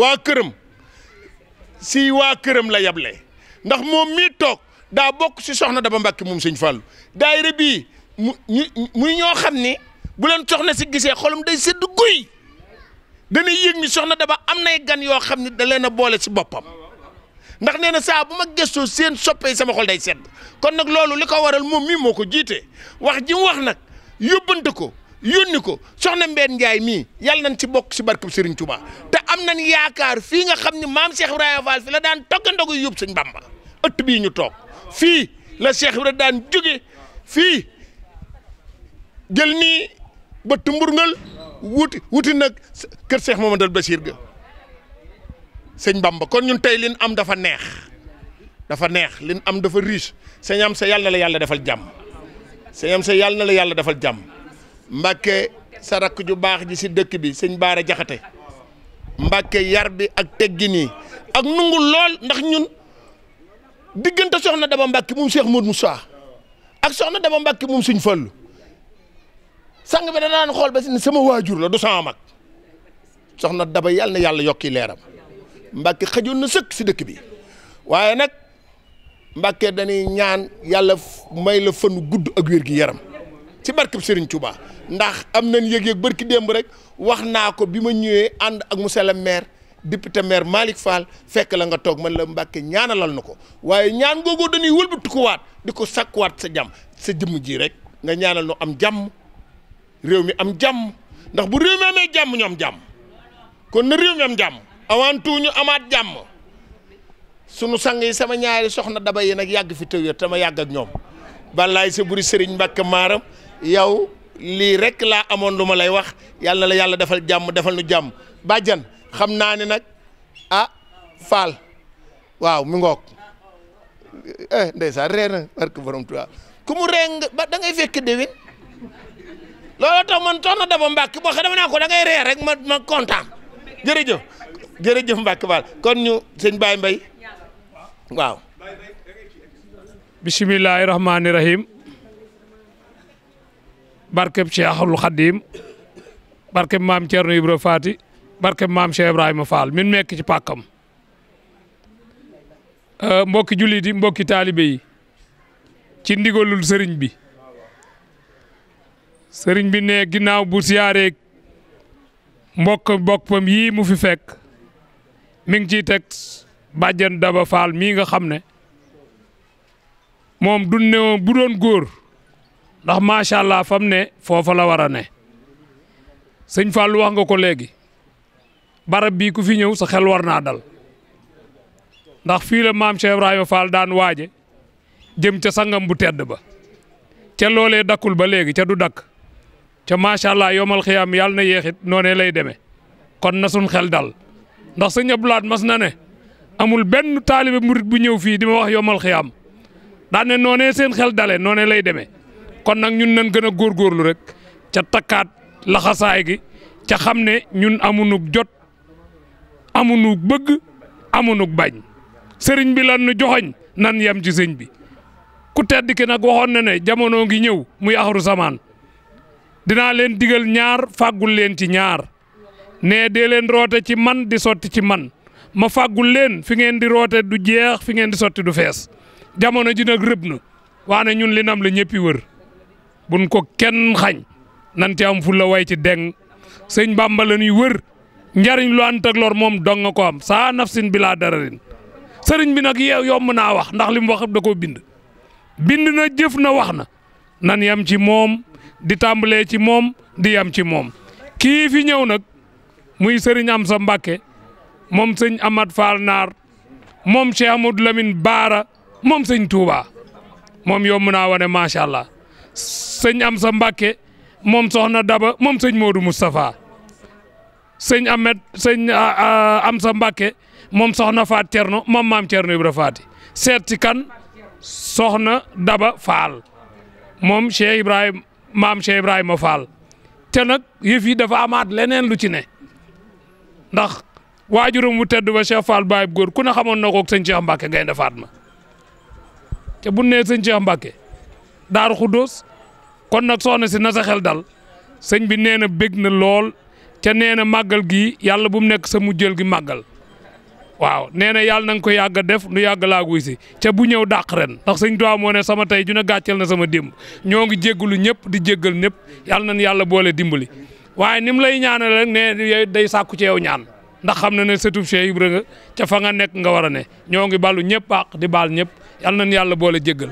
waa këram si waa këram la yable ndax moom mii toog daa bokk si soxna Daba Mbàkke moom sëñ daa daayira bii mu muy ñoo xam ni bu leen soxna si gisee xolum day sedd guy dana yëg ni soxna Daba am nay gan yoo xam ni da leen a boole si boppam ndax nee na saa bu ma gëstoo seen soppee sama xol day sedd kon nag loolu li ko waral moom mii moo ko jiite wax ji mu wax nag yóbbante ko yónni ko soxna Mbène Ndiaye mii yàlla nañ ci bokk si barkeb Serigne Touba te am nañ yaakaar fii nga xam ne maam Cheikh Ibrahima Fall fi la daan toggandogu yóbbu sëñ Bamba ëtt bii ñu toog fii la Cheikh Ibrahima daan jóge fii jël nii ba tumburngal wuti wuti nag kër Cheikh Mamadou Bassir ga sëñ Bamba kon ñu tey lin am dafa neex dafa neex lin am dafa riche sëñ am sa yàlla na la yàlla defal jàmm sëñ sa yàlla na la yàlla defal jàmm Mbàkke sa rakk ju baax ji si dëkk bi sëñ Baara Jaxate Mbàkke yar bi ak teggin nii ak nungu lool ndax ñun diggante soxna Daba Mbàkke moom Cheikh mu Moussa ak soxna Daba mbakke moom suñ Fallu sang bi danaan xool ba si ne sama waajur la du sama mag soxna Daba yàlla na yàlla yokki leeram Mbàkke xajoon na sëkk si dëkk bi waaye nag Mbàkke dañuy ñaan yàlla may la fanu gudd ak wér gi yaram ci barkeb Serigne Touba ndax am nañ yëg-yëg barki démb rek wax naa ko bi ma ñëwee ànd ak monsieur le maire député maire Malick Fall fekk la nga toog man la Mbàkke ñaanalal na ko waaye ñaan googu dañuy wëlbatikuwaat Diko ko sakkuwaat sa jam sa jëmm ji rek nga ñaanal nu am jam réew am jam ndax bu réew mi jam. jàmm jam kon na réew am jam avant tout ñu amaat sunu sang yi sama ñaari soxna daba yi nag yàgg fi tëw yër ya tama yàgg ak ñoom buri yow lii rekk laa amoon lu ma lay wax yàlla na la yàlla defal jàmm defal nu jàmm bàjjan xam naa ne nag ah faal waaw mi ngoog eh ndeysaan ree na barke borom Tuubaa ku mu ree nga ba da ngay fekk déwén looloo tax man soxna Daba Mbacke boo xam dama naa ko dangay ngay ree rek ma ma kontaan jërëjëf jërëjëf Mbacke Fall kon ñu sëñ Baye Mbaye waaw bisimilahi rahmaani rahim barkeb Cheikhul Khadim barkeb mam Thierno Ibra Faty barkeb maam Cheikh Ibrahima Fall min nekk ci pàkkam mbokki jullit yi mbokki taalibe yi ci ndigalul sëriñ bi sëriñ bi ne ginnaaw bu siyaaree mbokk boppam yii mu fi fekk mi ngi ciy teg Daba Fall mii nga xam ne du ne bu doon góor ndax macha allah fam ne foofa la war a ne sëñ Fallou wax nga ko léegi barab bii ku fi ñëw sa xel war naa dal ndax fii la maam Cheikh Ibrahima Fall daan waaje jëm ca sangam bu tedd ba ca loolee dakkul ba léegi ca du dakk ca macha allah yomal xiyaam yàlla na yéexit noonee lay demee kon na suñ xel dal ndax sëñ Abdou Lahad mas na ne amul benn taalibe murit bu ñëw fii di ma wax yomal xiyaam daan ne noonee seen xel dale noonee lay demee. kon nag ñun nañ gën a góorlu rek ca takkaat laxasaay gi ca xam ne ñun amunu jot amunu bëgg amunu bañ sëriñ bi lan nu joxoñ nan yem ci sëñ bi ku tedd ki nag waxoon na ne jamono ngi ñëw muy axaru samaan dinaa leen digal ñaar fàggul leen ci ñaar nee dee leen roote ci man di sotti ci man ma fàggul leen fi ngeen di roote du jeex fi ngeen di sotti du fees jamono ji nag rëb na waane ñun li nam la ñëppi wër buñ ko kenn xagn nanti am fu la way ci deng señ bamba la ñuy wër njariñ lu ant ak lor mom dong ko am sa nafsin bila dararin señ bi nak yow yom na wax ndax lim wax da ko bind bind na jëf na wax na nan yam ci mom di tambalé ci mom di yam ci mom ki fi ñew nak muy am sa mbacké mom señ Amad Fall nar mom Cheikh Amadou Lamine bara mom señ Touba mom yom na wone machallah sëñ Amsa Mbàkke moom soxna Daba moom sëñ Modou Moustapha sëñ Ahmed sëñ Amsa Mbàkke moom soxna Faat Cerno moom maam Cerno Ibra Faati seet si kan soxna Daba Faal moom Cheikh Ibrahima maam Cheikh Ibrahima Faal te nag yëf dafa amaat leneen lu ci ne ndax waajuram mu tedd ba Cheikh Fall Baye góor ku ne xamoon na ko ak sëñ Cheikh Mbacke Gaynde Fatma te bu nee sëñ Cheikh daaru xuddoos kon nag soxna si na sa xel dal sëñ bi nee na bég na lool ca nee na màggal gii yàlla bu mu nekk sa mujjël gi màggal waaw nee na yàlla na nga ko yàgg def nu yàgg laa guy si ca bu ñëw dàq ren ndax sëñ Tuubaa moo ne sama tey ju na gàcceel na sama démb ñoo ngi jéggalu ñëpp di jéggal ñëpp yàlla nañ yàlla boole dimbali waaye ni mu lay ñaanal rek ne day sàkku ci ñaan ndax xam na ne sëtub Cheikh Ibra nga ca fa nga nekk nga war a ne ñoo ngi balu ñëpp àq di baal ñëpp yàlla nañ yàlla boole jéggal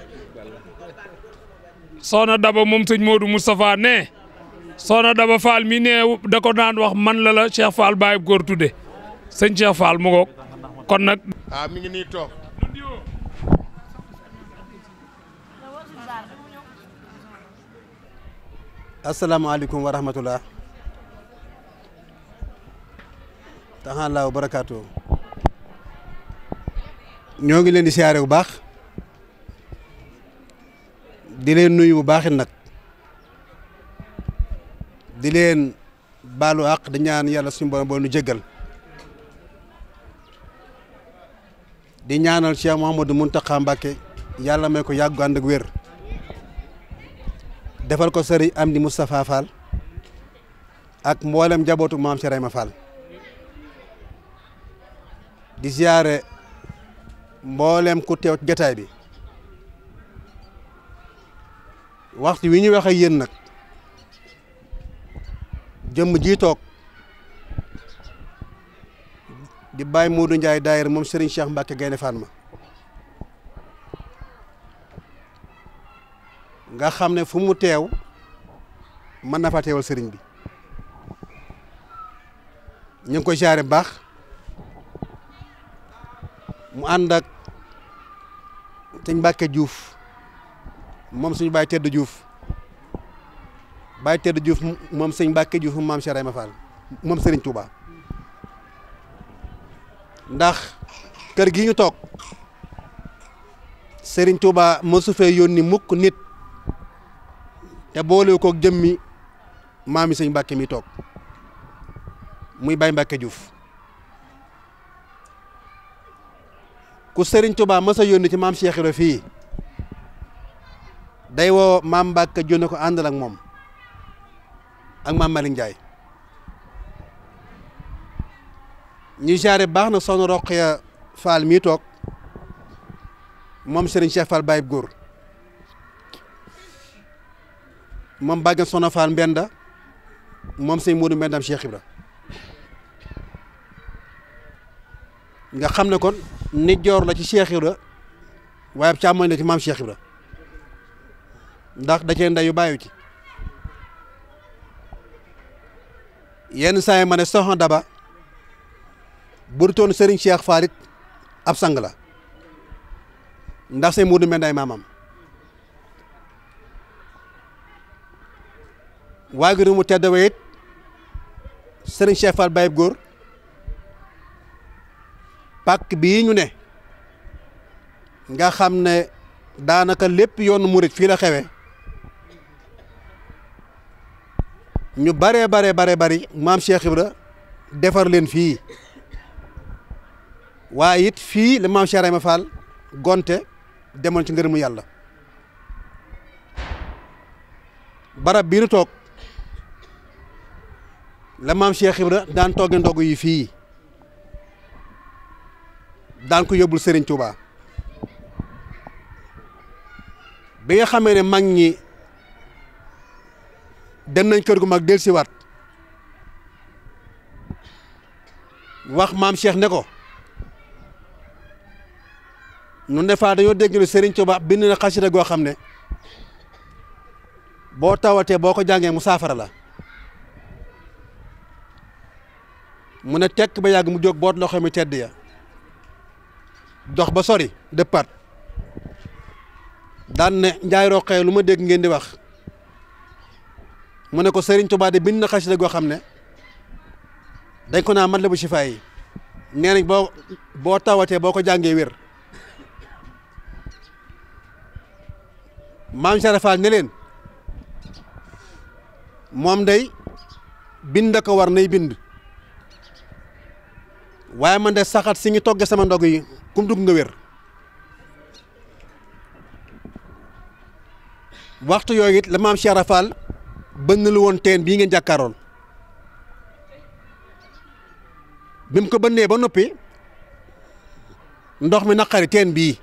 soxna Daba moom sëñ Modou Moustapha ne soxna Daba Fall mi ne da wax man la la Cheikh Fall bàyyi góor tudde sëñ Cheikh mu ngoog kon nag. ah mi ngi nii toog. asalaamaaleykum wa rahmatulah. taxaan laaw barakaatu. ñoo ngi leen di siyaare bu baax. di nuyu bu baaxit nag di leen baalu àq di ñaan yàlla suñu borom nu jéggal di ñaanal Cheikh Mouhamadou Mountakha Mbacké yàlla may ko yàggu ànd ak wér defal ko sëriñ Amdi Moustapha Fall ak mboolem njabootu maam Cheikh Rayma Fall di ziare mboolem ku teew jotaay bi. waxtu wi ñu wax ak yéen nag jëmm ji toog di bàyyi Modou Ndiaye daayira moom Serigne Cheikh Mbacke Gaynde ma nga xam ne fu mu teew mën na fa teewal Serigne bi ñu ngi koy jaare baax mu ànd ak sëñ juuf moom suñu Baye Tedd Diouf Baye Tedd Diouf moom sëñ Mbacke Diouf maam Cheikh ma Fall moom Serigne Touba ndax kër gi ñu toog Serigne Touba mosu fee yónni mukk nit te boole koog jëmmi maami sëñ Mbacke mi toog muy Baye Mbacke Diouf ku Serigne Touba mos a yónni ci maam Cheikh fii. day woo maam Mbacke Dione ko àndal ak moom ak maam Malick Ndiaye ñu baax na soxna Roqaya Fall mii toog moom Serigne Cheikh Fall Baye góor moom bàggan soxna Fall Mbenda moom sëñ Modou Mbendam Cheikh Ibra nga xam ne kon joor la ci Cheikh Ibra waaye càmmoñ la ci maam Cheikh Ibra ndax da cee ndeyu bàyyu ci yenn saa yi ma ne Soxna Daba burutoon Serigne Cheikh Farit ab sang la ndax seen muur mel nday maamam waajur mu it Serigne Cheikh Fall Baye góor pàkk bii ñu ne nga xam ne daanaka lépp yoonu murit fii la xewe ñu baree bare bare bari maam Cheikh defar leen fii waaye it fii la maam Cheikh Ibrahima Fall gonte demoon ci ngërëmu yàlla barab bii toog la maam Cheikh Ibra daan togge ndogu yi fii daan ko yóbbul Serigne Touba bi nga xamee ne mag ñi dem nañ kër gu mag del siwaat wax maam Cheikh ne ko nun defaa dañoo dégg ne Serigne Touba bind na xasida goo xam ne boo tawatee boo ko jàngee mu saafara la mu ne tekk ba yàgg mu jóg boot loxo mi tedd ya dox ba sori dëppaat daan ne njaay roqee lu ma dégg ngeen di wax mu ne ko Serigne Touba bind na xasida goo xam ne dañ ko naa matlabu shifa bu nee nañ boo tawatee boo ko jàngee wér maam Sarafal ne leen moom dey bind ko war nay bind waaye man de saxat si ngi togge sama ndog yi kum dugg nga wér waxtu yooyu it la maam Sarafal bënn lu woon teen bii nga jàkkaaroon bi ko bënnee ba noppi ndox mi naqari teen bii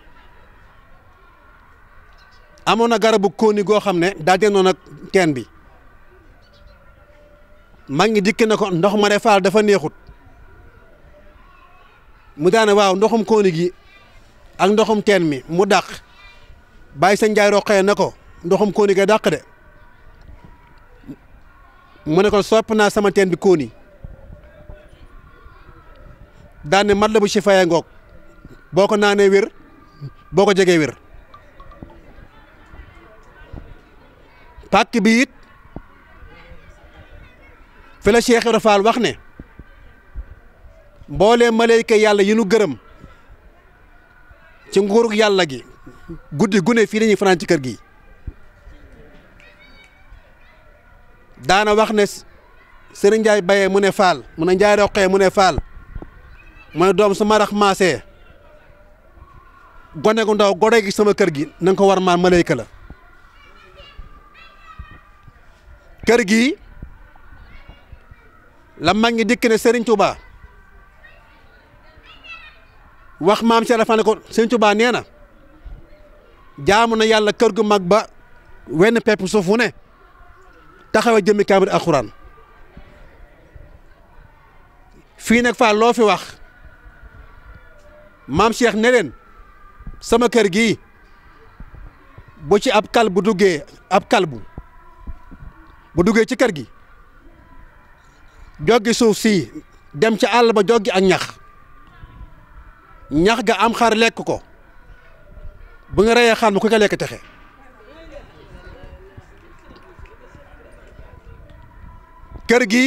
amoon na garabu kóoni goo xam ne daa dendoon ak teen bi mag ngi dikk na ko ndox ma de faal dafa neexut mu daane waaw ndoxum kóoni gi ak ndoxum teen mi mu dàq bàyyi sa njaay roqee na ko ndoxum kóoni ga dàq de mu ne ko sopp naa sama teen bi kóoni daan ne mat la bu ci faya ngoog boo ko naanee wér boo ko jegee wér pàkk bi it fi la Cheikh wax ne mboolee malayka yàlla yinu gërëm ci nguurug yàlla gi guddi gune fii la ñuy fanaan ci kër gi daana wax ne sëriñ Ndiaye Baye mu ne Fall mu ne Ndiaye Roqee mu ne Fall doom su ma rax maasee gone gu ndaw gore gi sama kër gi na ko war maan malayka la kër gi la mag ñi dikk ne Serigne Touba wax maam Cheikh dafa ko Serigne Touba nee na jaamu na yàlla kër gu mag ba wenn pepp suuf wu ne. taxaw a jëmmi alxuraan fii nag faa loo fi wax maam Cheikh ne sama kër gi bu ci ab kal duggee ab kalbu bu duggee ci kër gi joggi suuf si dem ci àll ba joggi ak ñax ñax ga am xar lekk ko bu nga reyee xaan ma ku ko lekk texe kër gi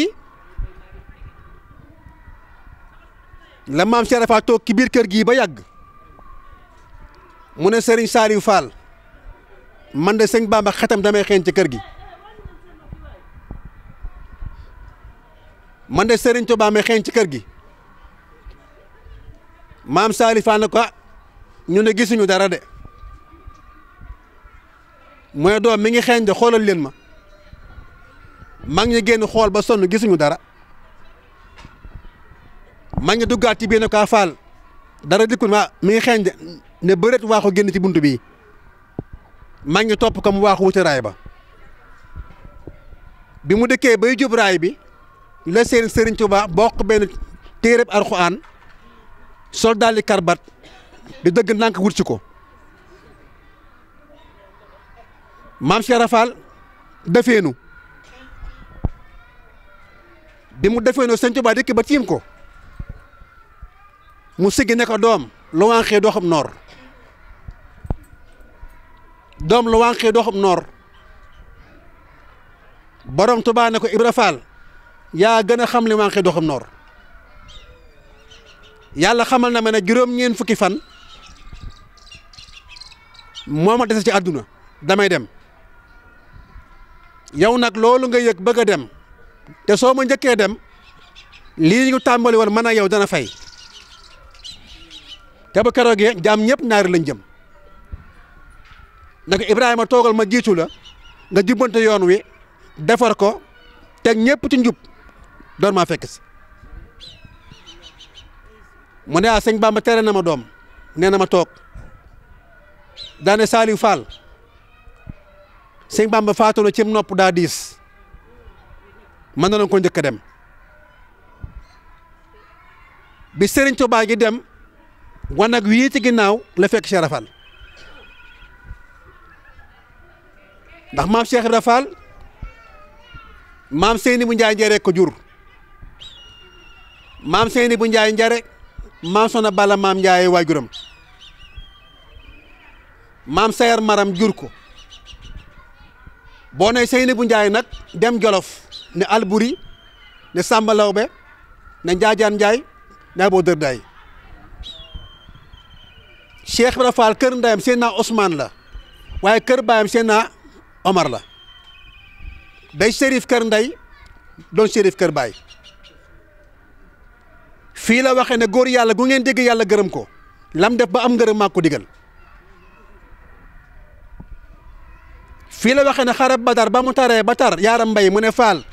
la maam Cheikh Rafa toog ci biir kër gi ba yàgg mu ne sëriñ Saliou Fall man de sëñ Bamba xetam damay xeeñ ci kër gi man de Serigne Touba may xeeñ ci kër gi maam Saliou Fall ne ko ah, ñu ne gisuñu dara de ne doom mi ngi xeeñ de xoolal leen ma. mag ñi génn xool ba sonn gisuñu dara mag ñi duggaat ci biir ne ko ah, faal dara dikkul ma mi ngi xeeñ ne bëreet waaxu génn ci bunt bii mag ñi topp ko mu waaxu wuti raay ba bi mu dëkkee bay jub raay bi la seen Sëriñ Tuubaa bokk benn téereb Alxuraan sol daldi karbat di dëgg ndànk wut ci ko maam Cheikh Rafal defeenu di mu defee noonu sëñ Tuubaa dëkk ba tiim ko mu siggi ne ko doom lu wànqee doo noor doom lu wànqee doo noor boroom Tuubaa ne ko Ibra Faal yaa gën a xam li wànqee doo noor yàlla xamal na ma ne juróom-ñeent fukki fan moo ma dese ci àdduna damay dem yow nag loolu nga yëg bëgg a dem te soo ma njëkkee dem lii ñu tàmbali woon man ak yow dana fay te ba keroogee jaam ñëpp ñaari lañ jëm nag Ibrahima toogal ma jiitu la nga jubbante yoon wi defar ko teg ñëpp ci njub doon ma fekk si mu ne ah sëñ Bamba tere na ma doom nee na ma toog daane Saliou Fall sëñ Bamba faatu na ci nopp daa diis. mën na ko njëkk a dem bi Serigne Touba gi dem wanag wii ci ginnaaw la fekk Cheikh Rafal ndax maam Cheikh Rafal maam seeni bu Njaay njare ko jur maam Seyni bu Njaay njare maam Sona Bala maam Njaay waajuram maam Sayar Maram jur ko boo ne Seyni bu Njaay nag dem Jolof ne Alburi ne Samba Lawbe ne Njaajaan Njaay ne Abo Dërdaay Cheikh Ibra Fall kër ndayam seen naa la waaye kër baayam seen Omar la day sérif kër nday doon sérif kër baay fii la waxee ne góor yàlla gu ngeen dégg yàlla gërëm ko lam def ba am ngërëm maa ko fii la waxee ne xareb badar ba mu taree ba tar yaaram mbay mu ne faal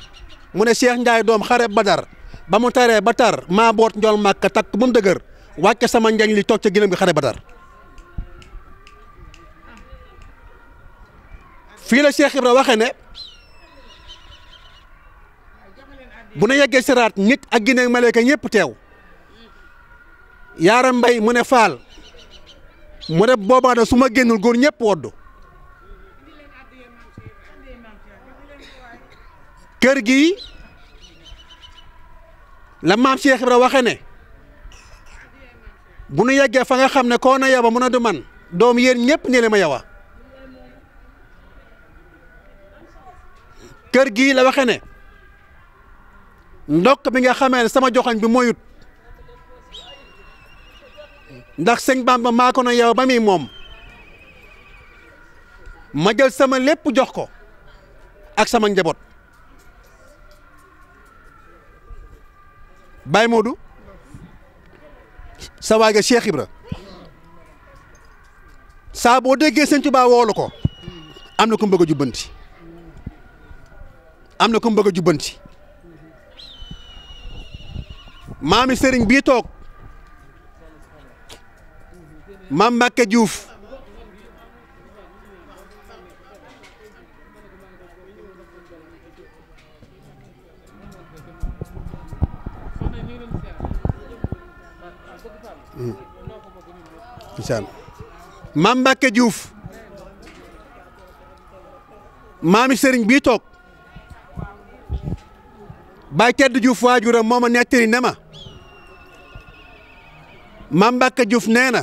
mu ne Cheikh Ndiaye doom xareb badar ba mu taree ba tar maa boot njool màkk takk bu mu dëgër wàcce sama njañ li toog ca gilam gi xare badar fii la Cheikh Ibra waxee ne bu na yeggee siraat nit ak ginneeg maleeka teew yaaram mbay mu ne faal mu ne boobaa na su ma génnul góor ñëpp woddu kër gi la maam Cheikh Ibra waxe ne bu nu yeggee fa nga xam ne koo na yaba mun a du man doom yéen ñëpp ne le ma yawa kër gi la waxe ne ndokk bi nga xamee ne sama joxoñ bi moyut ndax sëñ Bamba maa ko na yawa ba muy moom ma jël sama lépp jox ko ak sama njaboot baay moodu sa waaga Cheikh Ibra saa boo déggee Sëñ Tuubaa woolu ko am na ku mu bëgg a jubbanti am na ku mu bëgg a jubbanti maami sëriñ bii toog maam Mbàkke Diouf Mamba ke Mbacke Diouf maami sëriñ bii toog Baye Tedd Diouf waajuram moo Mamba ke ne nena, maam Mbacke Diouf nee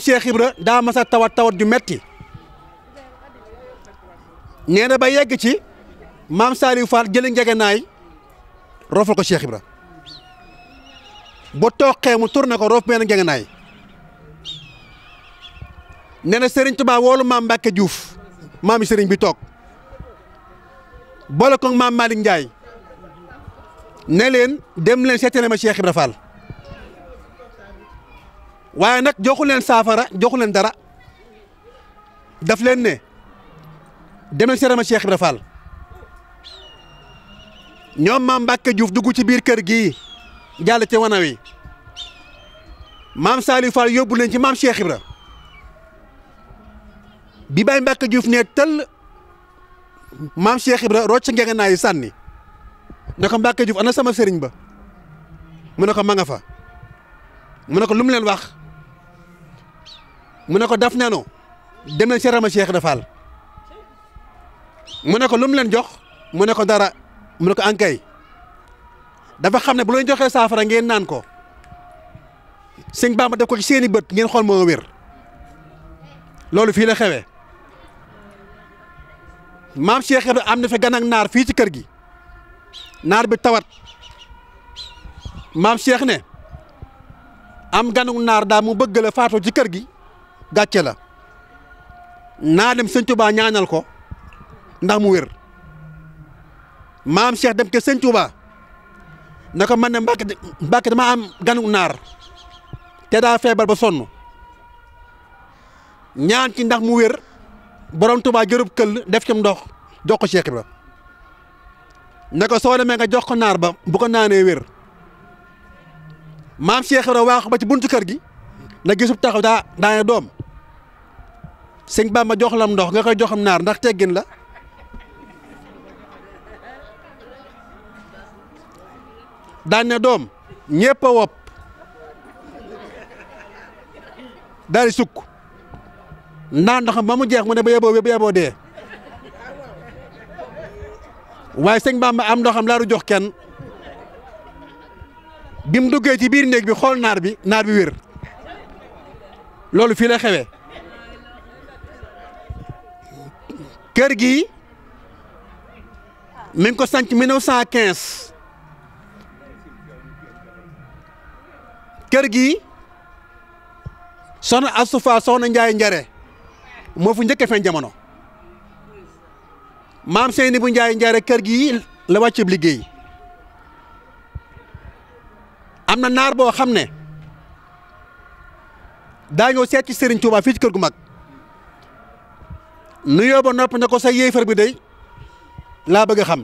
Cheikh Ibra masa tawat tawat di metti nee na ba yegg ci maam Saliou Fall jëli ngegenaay rofal ko Cheikh bu tooqee mu tourné ko roof benn ngegenaay nee na Serigne Touba woolu maam juuf Diouf maami Serigne bi toog boole ko maam Malick Ndiaye ne leen dem leen seetale ma Cheikh Ibra Fall waaye nag joxu leen saafara joxu leen dara daf leen ne dem leen seetale ma Cheikh Ibra Fall ñoom maam Mbacke Diouf dugg ci biir kër gi jàll ca wana wi maam Saliou Fall yóbbu leen ci maam Cheikh Ibra bi Baye Mbacke Diouf ne tëll maam Cheikh Ibra rocc ngeeganaa yi sànni ne ko Mbacke Diouf ana sama seriñ ba mu ne ko ma nga fa mu ne ko lu leen wax mu ne ko daf neno dem leen seetama Cheikh Ibra Fall mu ne ko leen jox mu ne ko dara mu ne ko ankay dafa xam ne bu leen joxee saafara ngeen naan ko sëñ Bamba def ko ci seeni bët ngeen xool moo wér loolu fii la xewe maam Cheikh Ibrahima am na fi gan ak naar fii ci kër gi naar bi tawat maam Cheikh ne am ganuk naar daal mu bëgg la faatoo ci kër gi gàcce la naa dem sëñ Touba ñaanal ko ndax mu wér maam Cheikh dem ke sëñ Touba. na man ne Mbàkke Mbàkke dama am ganu naar te daa feebar ba sonn ñaan ci ndax mu wér borom Tuubaa jërëb këll def ci ndox jox ko Cheikh Ibra ne ko soo demee nga jox ko naar ba bu ko naanee wér maam Cheikh Ibra waaxu ba ci buntu kër gi na gisub taxaw daa daa ne doom sëñ Bamba jox lam ndox nga koy joxam naar ndax teggin la daan doom ñépp a wopp daal di sukk naan ndox ba mu jeex mu ne ba yeboo ba yeboo dee waaye sëñ Bamba am ndoxam laaru jox kenn bi mu duggee ci biir néeg bi xool naar bi naar bi wér loolu fii la kër gi mi ngi ko sanc 1915. kër gi soxna Astufa soxna Njaay Njare moo fu njëkk feeñ jamono maam Seyni bu Njaay Njare kër gi la wàccub liggéey am na naar boo xam ne daa ñëw seet ci Serigne Touba fii ci kër gu mag nuyoo ba nopp na ko sa yéefar bi day laa bëgg a xam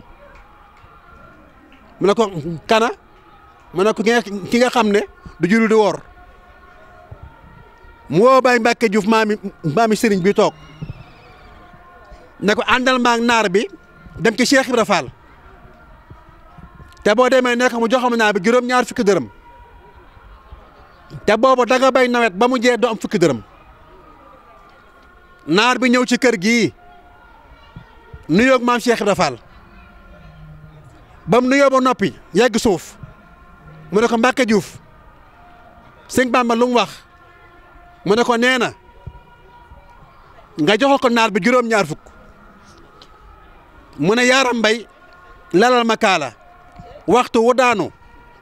mu ne ko kana ma ne ko ki nga xam ne du julli di woor mu woo Baye Mbacke Diouf maami maami sëriñ bi toog ne ko àndal maag naar bi dem ci Cheikh Ibra te boo demee nekk mu joxam naar bi juróom-ñaar fukki dërëm te boobu danga bay nawet ba mu jee du am fukki dërëm naar bi ñëw ci kër gi nuyoog maam Cheikh Ibra ba mu nuyoo ba noppi yegg suuf. mu ne ko Mbacke Diouf sëñ Bamba lu mu wax mu ne ko nee na nga joxal ko naar bi juróom-ñaar fukk mu ne yaaram mbay lalal ma kaala waxtu wu daanu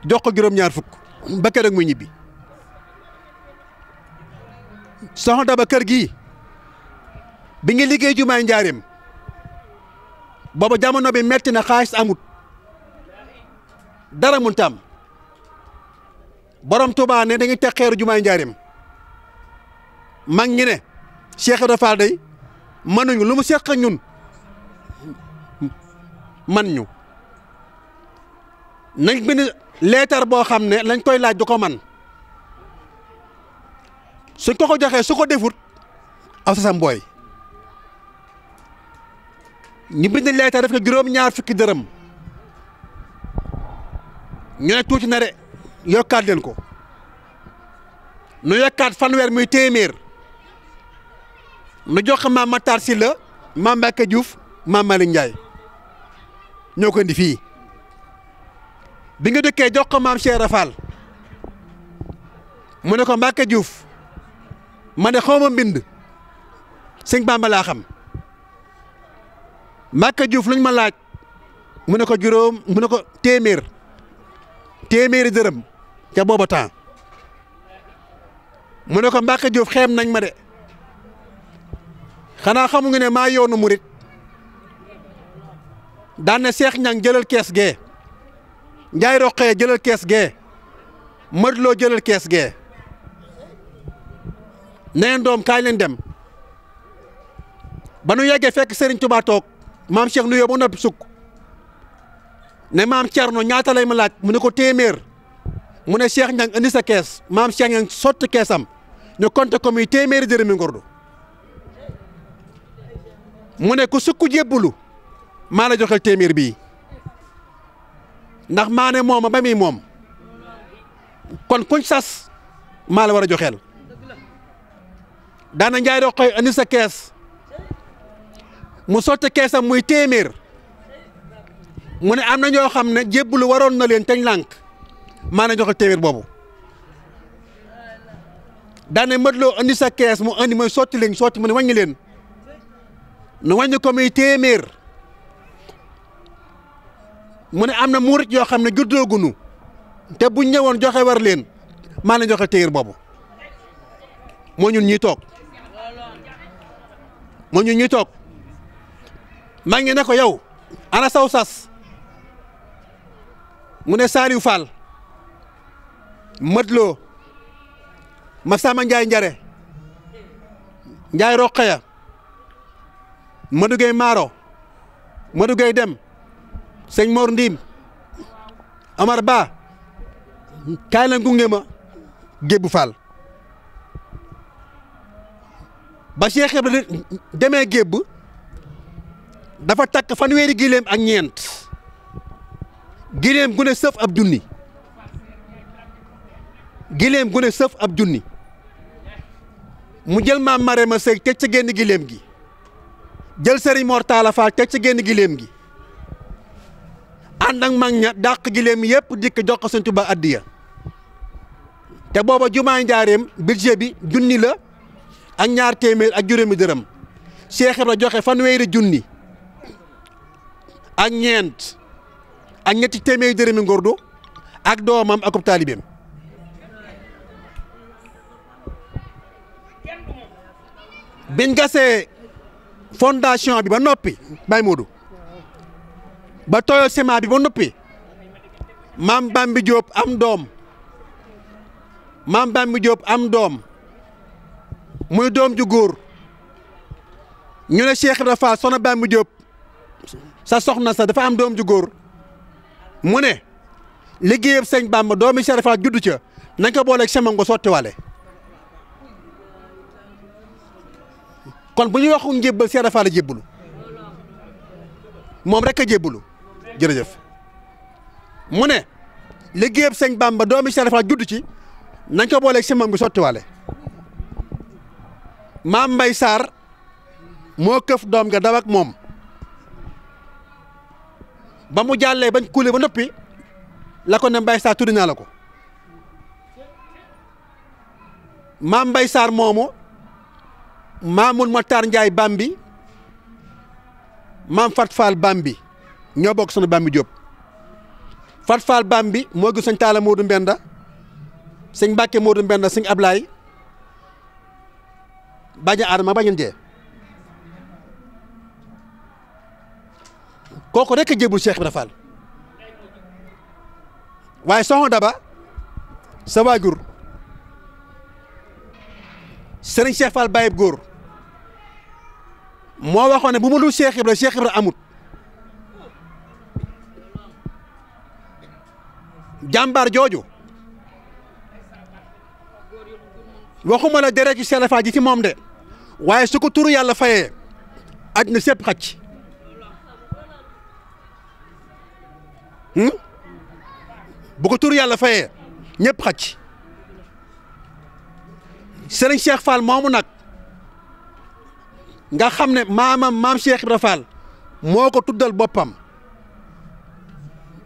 jox ko juróom-ñaar fukk ba kër ak kër gii bi nga liggéey jumaay njaarim booba jamono bi metti na xaalis amut dara mun tam borom Touba ne dañuy teg xeeru jumaay njaarim mag ñi ne Cheikh Ibra Fall day mënuñu lu mu seq ak ñun man ñu nañ bind leetar boo xam ne lañ koy laaj du ko man suñ ko ko joxee su ko defut aw sa mbooy ñu bind leetar def ko juróom-ñaar fukki dërëm ñu ne tuuti na de yokkaat ko nu yokkaat fanweer muy téeméer nu jox maam Matar Sylla maam Mbacke Diouf maam Malick Ndiaye ñoo ko indi fii bi nga dëkkee jox ko maam Cheikh Rafal mu ne ko Mbacke Diouf ma ne xaw ma mbind sëñ Bamba laa xam Mbacke Diouf luñ ma laaj mu ne ko juróom mu ne ko téeméer. téeméeri dërëm ca booba temps mu ne ko mbaqe Diouf xeem nañ ma de xanaa xamu nga ne ma yoonu murit daan ne Seex Ñang jëlal kees gee Njaay Roqee jëlal kees gee Modou loo jëlal kees gee nee doom kaay leen dem ba nu yeggee fekk Serigne Touba toog maam Cheikh nuyoo ba noppi ne maam Thierno ñaata lay ma laaj mu ne ko téeméer mu ne Cheikh Niang indi sa kees maam Cheikh Niang sotti keesam ñu compté ko muy téeméeri dërëmi ngordu mu ne ku sukk jébbulu maa la joxel téeméer bii ndax maa ne mooma ba muy moom kon kuñ sas maa la war a joxeel daana njaay doo koy indi sa kees mu sotti keesam muy téeméer mu ne am na ñoo xam ne jébbalu waroon na leen teñ lànk maa na joxe téeméer boobu daane mëtloo andi sa kees mu andi mooy sotti leen sotti mu ne wàññi leen nu wàññi ko muy téeméer mu ne am na muurit yoo xam ne juddoogunu te bu ñëwoon joxe war leen maa na joxe téeméer boobu moo ñu ñuy toog moo ñun ñuy toog maa ngi ne ko yow ana saw sas mu ne Saliou Fall Matloo Masama Ndiaye Njare Ndiaye Roqaya Madou Gueye Maro Madou Gueye Dem sëñ Mor Ndiim Amar Ba kaay leen gunge ma Gébbu ba Cheikh Ibrahima demee Gébbu dafa takk fanweeri gileem ak ñeent. gileem gu sëf ab junni gileem gu sëf ab junni mu jël maam ma Sèye teg ca génn gileem gi jël Serigne Mor Talla Fall teg ca génn gileem gi ànd ak mag ña dàq gileem yëpp dikk jox ko Sëñ Tuubaa addiya te booba jumaay njaareem budget bi junni la ak ñaar téeméer ak juróomi dërëm Cheikh Ibra joxe fanweeri junni ak ñeent. ak ñetti téeméeri dërëmi ngordo ak doomam akub taalibeem biñ gasee fondation bi ba noppi Baye Modou ba tooyal ciment bi ba noppi maam Bambi Diop am doom maam Bambi am doom muy doom ju góor ñu ne Cheikh Ibra Fall soxna Bambi Diop sa soxna sa dafa am doom ju góor mu ne liggéeyam sëñ Bamba doomi Cheikh Fall juddu ca nañ ko booleeg semence nga sottiwaale kon bu ñuy wax njébbal Cheikh Fall la jébbalu moom rek a jébbalu jërëjëf mu ne liggéeyam sëñ Bamba doomi Cheikh Fall juddu ci nañ ko booleeg semence nga sottiwaale maam Mbay saar moo këf doom nga daw ak moom. ba mu jàllee bañ kuule ba noppi la ko ne Mbaye Sarr naa la ko maam Mbaye Sarr moomu maamul Matar Ndiaye Bambi maam Fat Fall Bambi ñoo bokk sunu Bambi Diop Fat Fall Bambi moo gis sëñ Talla Modou Mbenda sëñ Mbacke Modou Mbenda sëñ Ablaye bañ a aadama njee kooku rek a jébul Cheikh Ibra waaye soxna Daba sa waajur Serigne Cheikh Fall Baye góor moo waxoo ne bu ma dul Cheikh Ibra Cheikh Ibra amut jàmbaar jooju waxuma la deret ci Cheikh Fall ji moom de waaye su ko turu yàlla faye aj na sépp xaj. Hmm? bu ko tur yàlla fayee ñépp xaj sëriñ Cheikh Fall moomu nag nga xam ne maamam maam Cheikh Ibra Fall moo ko tuddal boppam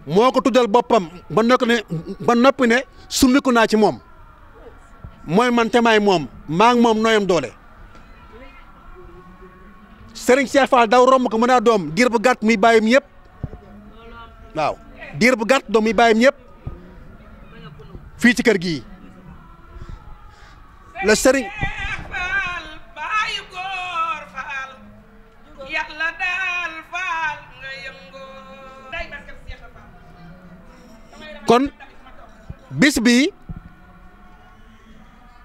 moo ko tuddal boppam ba noppi ne summiku naa ci moom mooy man te moom maa moom nooyam doole sëriñ Cheikh Fall daw romb ko mu ne doom diir bu gàtt muy bàyyim yëpp waaw dir bu gat domi bayam ñep fi ci kër gi le kon bis bi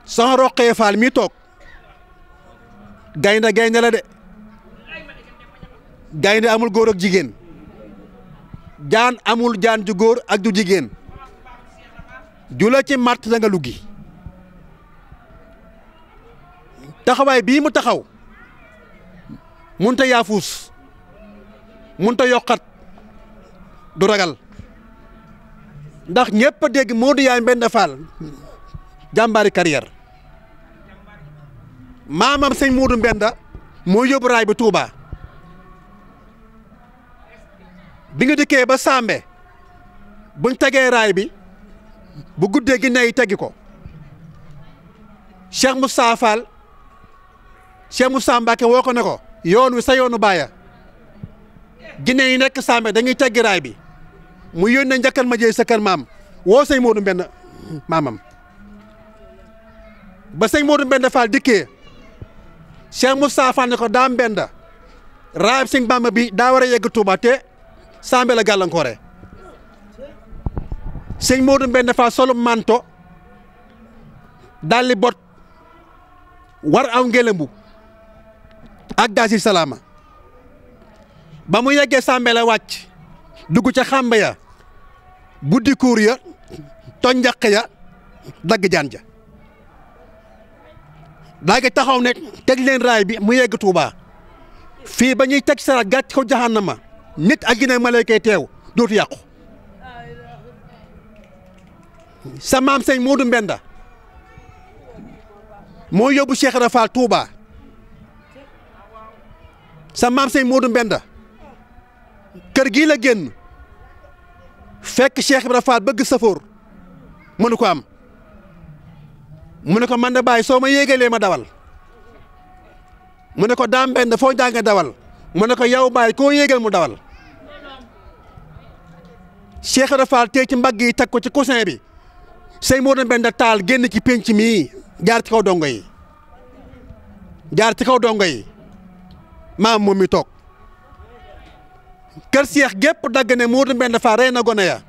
soxna Roqee fal mi tok gaynde la de gaynde amul gor ak jigen jaan amul jaan ju góor ak ju jigéen ju la ci màtt da nga luggi taxawaay bii mu taxaw munta yaafuus munta yokkat du ragal ndax ñëpp a dégg Modou Yaay Mbenda Fall jàmbaari carrière maamam sëñ Modou mbend moo yóbbu raay bi Touba. bi nga dikkee ba Sambé buñ tegee raay bi bu guddee gi yi tegi ko Cheikh Moussa Fall Cheikh Moussa Mbacke woo ko ne ko yoon wi sa yoonu baaya Guinée yi nekk Sambé dañuy teggi raay bi mu yónnee njakkal ma jëy sa kër maam woo sëñ Modou Mbène maamam ba sëñ Modou Mbène Fall dikkee Cheikh Moussa Fall ne ko daa Mbène raayam sëñ Bamba bi daa war a yegg Touba te sambela la gàllankoore sëñ Modou Mbène Fall solu manto dalli bot war aw ngelembu ak gaasi salaama ba mu yeggee sambela la wàcc dugg ca xàmb ya buddi ya toj njaq ya dagg jaan ja daagi taxaw ne teg leen raay bi mu yegg Tuubaa fii ba ñuy teg sarat gàcc ko jaxaan ma nit ak jinne malaykay teew dootu yàqu sa maam sëñ Mbenda moo yóbbu Cheikh Rafal Touba sa maam sëñ Mbenda kër gii la génn fekk Cheikh Ibra Fall bëgg safoor mënu ko am mu ne ko man da bàyyi soo ma yéegalee ma dawal mu ne ko daam benn foo jànge dawal mu ne ko yow bàyyi koo yéegal mu dawal Cheikh Rafal tey ci mbagg yi teg ko ci coussin bi sëñ moo doon taal génn ci pénc mii jaar ci kaw dongo yi jaar ci kaw dongo yi maam moom mi toog kër Cheikh gépp dagg ne moo benn faa rey na gone ya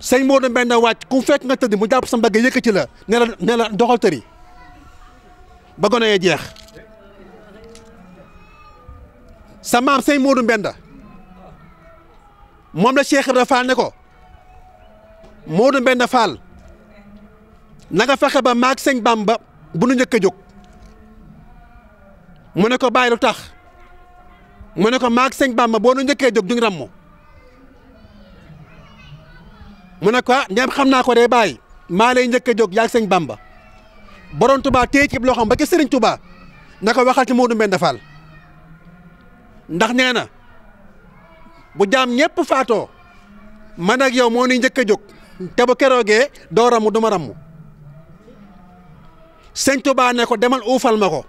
sëñ moo doon benn wàcc ku fekk nga tëdd jàpp sa mbagg yëkkati ci la ne la doxal tëri ba gone ya jeex sa maam sëñ Modou Mbenda moom la Cheikh Ibra Fall ne ko Moodu Mbenda Fall na nga fexe ba maag sëñ Bamba bu nu njëkk a jóg mu ne ko bàyyi lu tax mu ne ko maag sëñ Bamba boo nu njëkkee jóg du ngi ràmmu mu ne ko ah ndem xam naa ko dee bàyyi maa lay njëkk a jóg yaag señ Bamba borom Touba téye ci loxoom ba ca Serigne Touba na ko waxal ci Moodu Mbenda Fall ndax nee na. bu jaam ñépp faatoo man ak yow moo ni njëkk a jóg te bu keroogee doo ramu du ma ramu sëñ Tuubaa ko demal uufal ma ko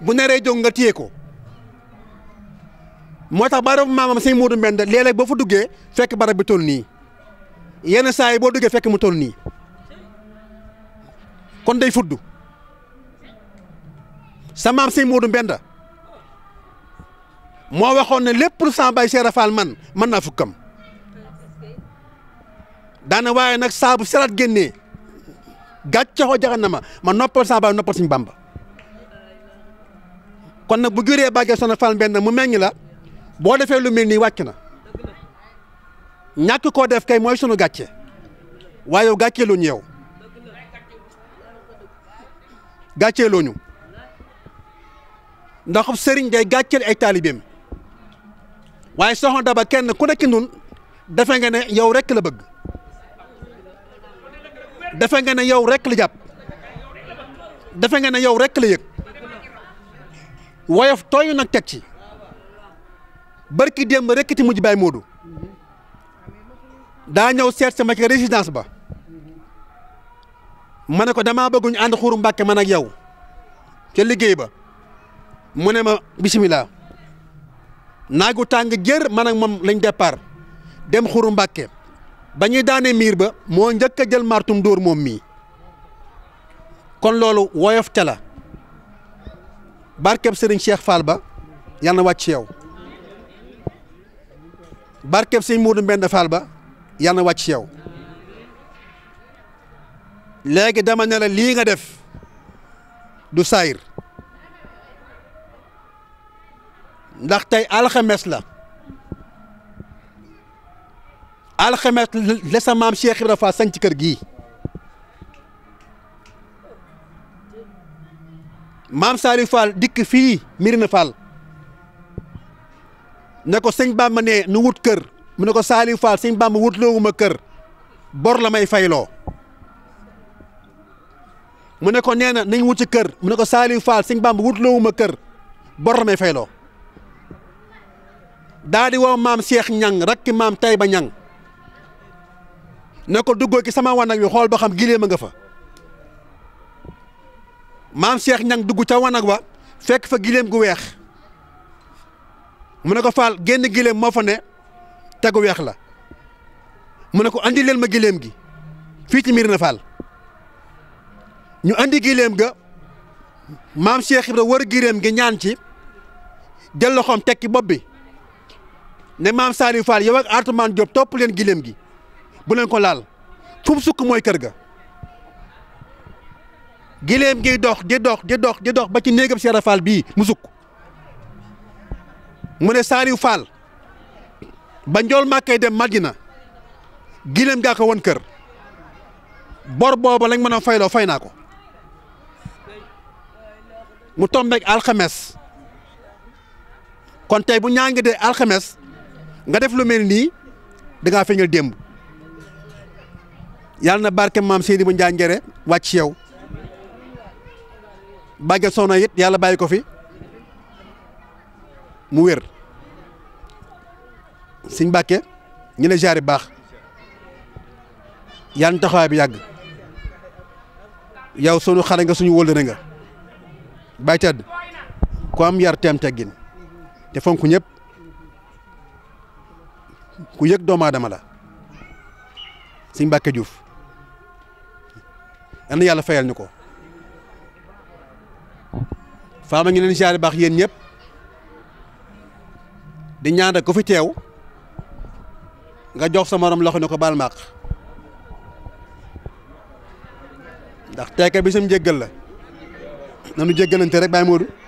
bu naree jóg nga téye ko moo tax barabu maamam sëñ Muudu Mbend léeg boo fa duggee fekk barab bi toll nii yenn saay boo duggee fekk mu toll nii kon day fudd sa maam sëñ Muudu Mbend moo waxoon na lépp lu sama baay Cheikh Fall man man naa fukkam daana waaye nag saabu seraat génnee gàccaxoo jaxan na ma ma noppal sama baay noppal suñu Bàmba kon nag bu juree bàggee soxna Fall benn mu meññ la boo defee lu mel nii wàcc na ñàkk koo def kay mooy sunu gàcce waaye yow gàccee looñu yow gàccee looñu ndax sëriñ day gàcceel ay taalibeem waaye soxna Daba kenn ku nekk nun defe nga ne yow rekk la bëgg defe nga ne yow rekk la jàpp defe nga ne yow rekk la yëg woyof tooyu nag teg ci barki démb rek ti mujj Baye Modou daa ñëw seet sama ci résidence ba ma ne ko damaa bëgguñ ànd xuuru Mbàkke man ak yow ca liggéey ba mu ne ma bisimilah. naagu tàng jër man ak moom lañ départ dem xuru mbàkke ba ñuy daane miir ba moo njëkk a jël martum dóor moom mii kon loolu woyof te la barkeb sëriñ Cheikh Fall ba yàlla na wàcc yow barkeb sëriñ Muudu Mbend Fall ba yàlla na wàcc yow léegi dama ne la lii nga def du saayir ndax tey alxames la alxames la maam Cheikh Ibra Fall sañ ci kër gi maam Saliou Fall dikk fii Mirina Fall ne ko sëñ Bamba ne nu wut kër mu ne ko saali Fall sëñ Bamba wut loowuma kër bor la may fayloo mu ne ko nee na nañ wut ci kër mu ne ko saali Fall sëñ Bamba wut loowuma kër bor la may fayloo daa di woo maam Cheikh ñang rakki maam ba ñang ne ko duggoo ci sama wanag wi xool ba xam gileem a nga fa maam Cheikh ñang dugg ca wanag wa fekk fa gileem gu weex mu ne ko faal génn gileem moo fa ne te gu weex la mu ne ko andi leen ma gileem gi fii ci Médina Fall ñu andi gileem ga maam Cheikh Ibra war gileem gi ñaan ci jël loxoom tekki bopp bi. ne maam Saliou Fall yow ak Atoumane Diop topp leen gileem gi bu leen ko laal fu mu sukk mooy kër ga. gileem giy dox di dox di dox di dox ba ci néegam Cheikh Fall bii mu sukk mu ne Saliou Fall ba njool màkkay dem Madina gileem gaa ko won kër bor booba lañ mën a fayloo fay naa ko mu tombeeg alxames kon tey bu ñaa ngi dee alxames nga def lu mel nii danga ngaa feeñal démb yàlla na barke maam Seydi bu Njaa Njere wàcc ci yow bàgge soxna it yàlla bàyyi ko fi mu wér Sëñ Mbàkke ñu ne baax yàlla na taxawaay bi yàgg yow sunu xale nga suñu wóllëre nga bàyyi tedd ku am yar teem teggin te fonk ñëpp. ku yëg doomu aadama la sëñ Mbàkke Juuf yal na yàlla fayal ñu ko faama ngi leen siyaare baax yéen ñëpp di ñaan rek ku fi teew nga jox sa morom loxo ne ko baal maaq ndax teeke bi sam jéggal la na nanu jéggalante rek bàyyi moodu